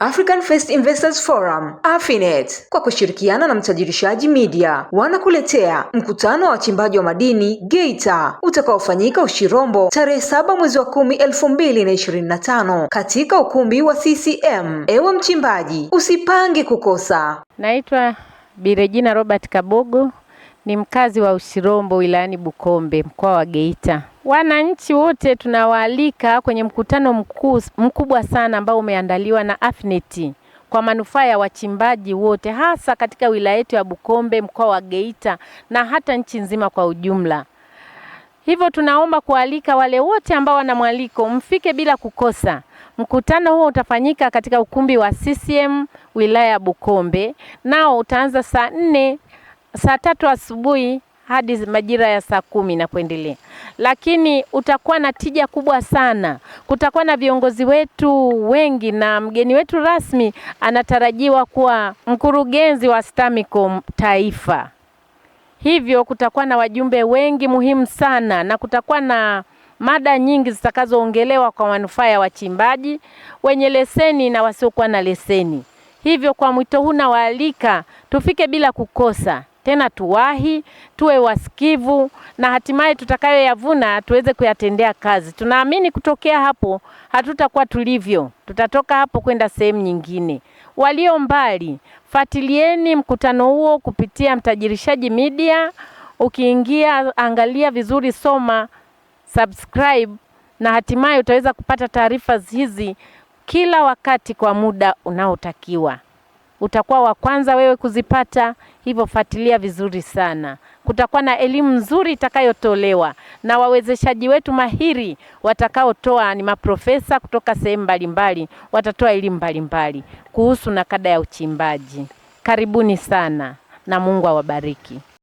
African First Investors Forum Afinet kwa kushirikiana na Mtajirishaji Media wanakuletea mkutano wa wachimbaji wa madini Geita utakaofanyika Ushirombo tarehe saba mwezi wa kumi elfu mbili na ishirini na tano katika ukumbi wa CCM. Ewe mchimbaji, usipange kukosa. Naitwa Birejina Robert Kabogo, ni mkazi wa Ushirombo wilayani Bukombe, mkoa wa Geita. Wananchi wote tunawaalika kwenye mkutano mkuu, mkubwa sana ambao umeandaliwa na AFNET kwa manufaa ya wachimbaji wote hasa katika wilaya yetu ya Bukombe, mkoa wa Geita na hata nchi nzima kwa ujumla. Hivyo tunaomba kualika wale wote ambao wana mwaliko mfike bila kukosa. Mkutano huo utafanyika katika ukumbi wa CCM wilaya ya Bukombe, nao utaanza saa nne saa tatu asubuhi hadi majira ya saa kumi na kuendelea, lakini utakuwa na tija kubwa sana. Kutakuwa na viongozi wetu wengi na mgeni wetu rasmi anatarajiwa kuwa mkurugenzi wa STAMICOM Taifa. Hivyo kutakuwa na wajumbe wengi muhimu sana na kutakuwa na mada nyingi zitakazoongelewa kwa manufaa ya wachimbaji wenye leseni na wasiokuwa na leseni. Hivyo kwa mwito huu nawaalika tufike bila kukosa tena tuwahi, tuwe wasikivu na hatimaye tutakayoyavuna tuweze kuyatendea kazi. Tunaamini kutokea hapo hatutakuwa tulivyo, tutatoka hapo kwenda sehemu nyingine. Walio mbali, fuatilieni mkutano huo kupitia Mtajirishaji Media. Ukiingia angalia vizuri, soma, subscribe na hatimaye utaweza kupata taarifa hizi kila wakati kwa muda unaotakiwa utakuwa wa kwanza wewe kuzipata, hivyo fuatilia vizuri sana. Kutakuwa na elimu nzuri itakayotolewa na wawezeshaji wetu mahiri watakaotoa, ni maprofesa kutoka sehemu mbalimbali, watatoa elimu mbalimbali kuhusu nakada ya uchimbaji. Karibuni sana na Mungu awabariki.